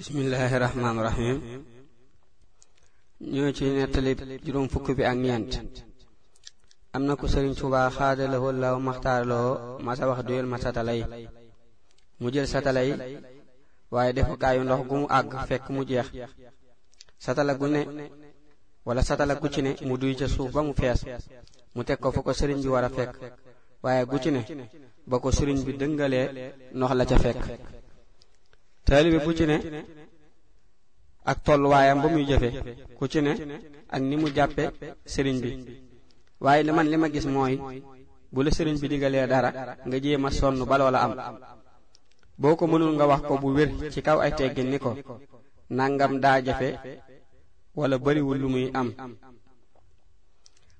bismillaahi rahmaani rahiim ñoo ci nettali juróom fukk bi ak ñeent am na ku sëriñ Tuubaa xaadalawoo law maxtaaraloo masa wax duyel ma satalay mu jël satalay waaye defukaayu ndox gu mu àgg fekk mu jeex satala gu ne wala satala gu ci ne mu duy ca suuf ba mu fees mu teg ko fu ko sëriñ bi war a fekk waaye gu ci ne ba ko sëriñ bi dëngalee ndox la ca fekk taalibe bu ci ne ak tolluwaayam ba muy jëfe ku ci ne ak ni mu jàppe sëriñ bi waaye li man li ma gis mooy bu la sëriñ bi digalee dara nga jéem a sonn ba loola am boo ko mënul nga wax ko bu wér ci kaw ay teggin ni ko nangam daa jafe wala bariwul lu muy am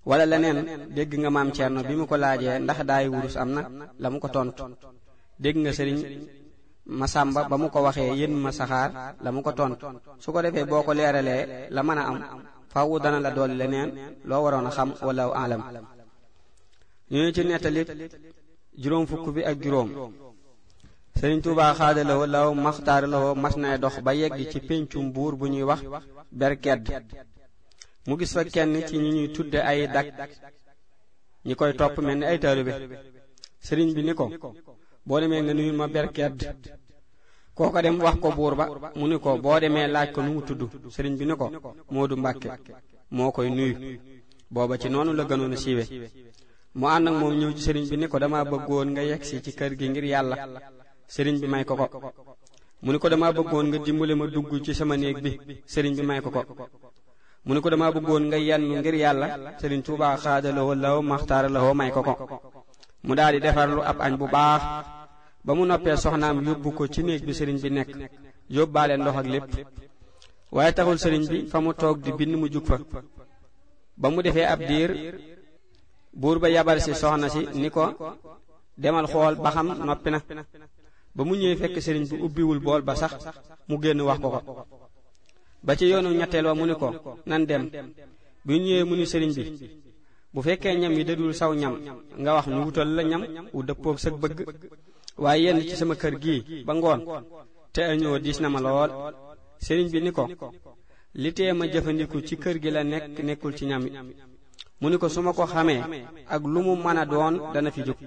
wala leneen dégg nga maam Cerno bi mu ko laajee ndax daay wurus am na la mu ko tontu dégg nga sëriñ masamba ba mu ko waxee yéen ma saxaar la mu ko tontu su ko defee boo ko leeralee la mën a am faawu dana la dool leneen loo waroon a xam wala alam ñu ngi ci nettali juróom fukk bi ak juróom Sëriñ Tuubaa xaadalawo law maxtaar lawo mas na dox ba yegg ci péncum buur bu ñuy wax berkedd mu gis fa kenn ci ñi ñuy tudde ay dak ñi koy topp mel ni ay bi sëriñ bi ni ko boo demee nga nuyul ma berkedd kooko dem wax ko buur ba mu ni ko boo demee laaj ko nu mu tudd sëriñ bi ni ko Moodu Mbàkke moo koy nuyu booba ci noonu la gënoon a siiwe mu ànd ak moom ñëw ci sëriñ bi ni ko dama bëggoon nga yegsi ci kër gi ngir yàlla sëriñ bi may ko ko mu ni ko dama bëggoon nga dimbale ma dugg ci sama néeg bi sëriñ bi may ko ko mu ni ko dama bëggoon nga yenn ngir yàlla sëriñ Tuubaa xaadalawoo law maxtaaralawoo may ko ko mu daal di defarlu ab añ bu baax ba mu noppee soxnaam yóbbu ko ci néeg bi sëriñ bi nekk yóbbaale ndox ak lépp waaye taxul sëriñ bi fa mu toog di bind mu jug fa ba mu defee ab diir buur ba yabal si soxna si ni ko demal xool ba xam noppi na ba mu ñëwee fekk sëriñ bi ubbiwul bool ba sax mu génn wax ko ko ba ci yoonu ñetteel wa mu ni ko nan dem bu mu ni sëriñ bi bu fekkee ñam yi dadul saw ñam nga wax ñu wutal la ñam wu dëppoog sa bëgg waaye yenn ci sama kër gi ba ngoon te añoo diis na ma lool sëriñ bi ni ko li tee ma jëfandiku ci kër gi la nekk nekkul ci ñam mu ni ko su ma ko xamee ak lu mu mën a doon dana fi jóg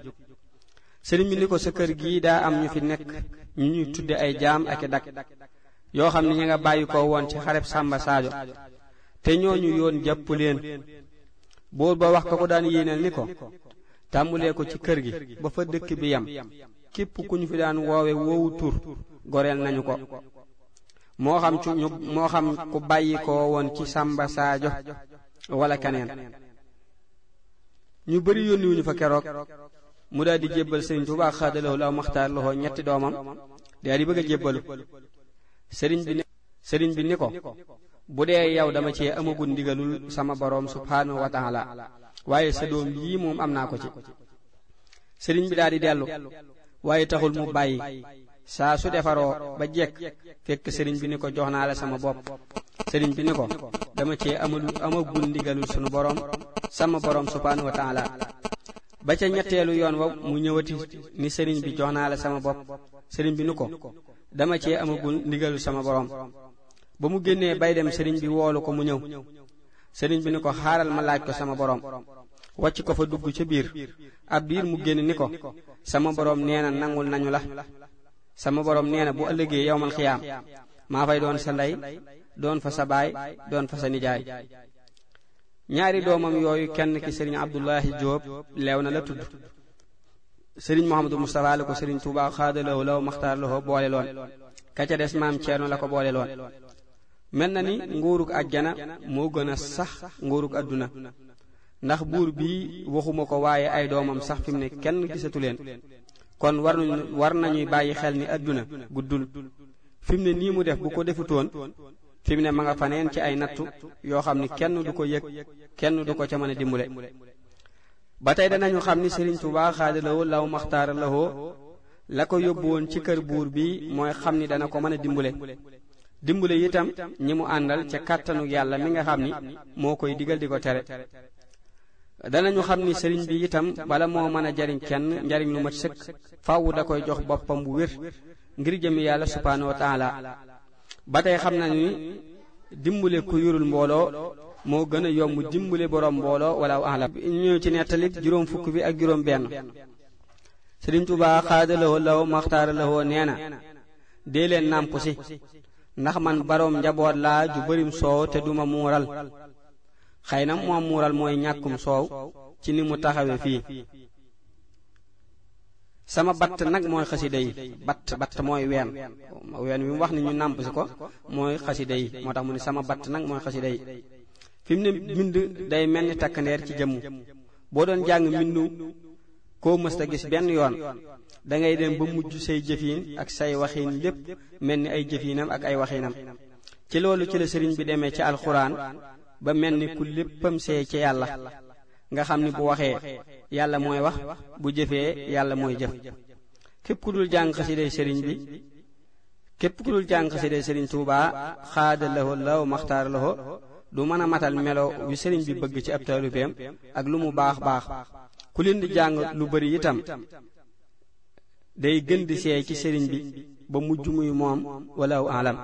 sëriñ bi ni ko sa kër gi daa am ñu fi nekk ñu ñuy tudde ay jaam ak i dak yoo xam ne ñu nga bàyyi ko woon ci xareb Sàmba Saajo te ñooñu yoon jàpp leen buur ba wax ka ko daan yéeneel ni ko tàmbulee ko ci kër gi ba fa dëkk bi yam képp ku ñu fi daan woowe woowu tur goreel nañu ko moo xam ci moo xam ku bàyyi ko woon ci sàmba Saajo wala keneen ñu bëri yónniwuñu fa keroog mu daal di jébbal Sëriñ Tuubaa xaadalahu law maxtaar loxo ñetti doomam daal di a jébbalu sëriñ bi sëriñ bi ni ko bu dee yow dama cee amagul ndigalul sama borom subhaanahu wa taala waaye sa doom yii moom am naa ko ci sëriñ bi daal di dellu waaye taxul mu bàyyi saa su defaroo ba jekk fekk sëriñ bi ni ko jox naa la sama bopp sëriñ bi ni ko dama cee amul amagul ndigalul sunu boroom sama boroom subhaanahu wa taala ba ca yoon wa mu ñëwati ni sëriñ bi jox naa la sama bopp sëriñ bi ni ko dama cee amagul ndigalul sama boroom ba mu génnee bay dem sëriñ bi woolu ko mu ñëw sëriñ bi ni ko xaaral ma laaj ko sama boroom wacc ko fa dugg ca biir ab biir mu génn ni ko sama boroom nee na nangul nañu la sama boroom nee na bu ëllëgee yowmal xiyaam maa fay doon sa ndey doon fa sa baay doon fa sa nijaay ñaari doomam yooyu kenn ki sëriñ Abdullahi Jóob leew na la tudd sëriñ Mouhamadou Moustapha la ko sëriñ Tuubaa xaadalaw law maxtaar loxo boole loon ka ca des maam Ceerno la ko boole loon mel na ni nguurug àjjana moo gën a sax nguurug àdduna ndax buur bii waxuma ko waaye ay doomam sax fi mu ne kenn gisatu leen kon war nañu war nañuy bàyyi xel ni àdduna guddul fi mu ne nii mu def bu ko defutoon fi mu ne ma nga faneen ci ay nattu yoo xam ne kenn du ko yëg kenn du ko ca mën a dimbale ba tey danañu xam ni Sëriñ Tuubaa xaadalawoo law maxtaara lawoo la ko yóbbu woon ci kër buur bi mooy xam ni dana ko mën a dimbale dimbale itam ñi mu àndal ca kàttanu yàlla mi nga xam ni moo koy digal di ko tere danañu xam ni sëriñ bi itam bala moo mën a jariñ kenn njariñ lu mat sëkk faawu da koy jox boppam bu wér ngir jëmi yàlla subhaanahu wa taala ba tey xam na ni dimbale ku yurul mbooloo moo gën a yomb dimbale borom mbooloo wala alam ñëw ci nettali juróom fukk bi ak juróom benn sëriñ Tuubaa xaadalawoo law maxtaaralawoo nee na dee leen nàmp si ndax man baroom njaboot laa ju bërim soow te duma muural xëy na moom muural mooy ñàkkum soow ci ni mu taxawe fii sama batt nag mooy xasida yi batt batt mooy ween ween wi mu wax ni ñu nàmp ko mooy xasida yi moo tax mu ne sama batt nag mooy xasida yi fi mu ne mbind day mel ni takkandeer ci jëmm boo doon jàng mbindu koo mës a gis benn yoon da ngay dem ba mujj say jëfiin ak say waxiin lépp mel ni ay jëfiinam ak ay waxiinam ci loolu ci la sëriñ bi demee ci alxuraan ba mel ni ku léppam see ci yàlla nga xam ni bu waxee yàlla mooy wax bu jëfee yàlla mooy jëf képp ku dul jàng xasiday sëriñ bi képp ku dul jàng xasiday sëriñ tuubaa xaada laho law maxtaar laho du mën a matal melo wi sëriñ bi bëgg ci ab taalubeem ak lu mu baax baax ku leen di jàng lu bari itam day gën di seey ci sëriñ bi ba mujj muy moom walaahu alam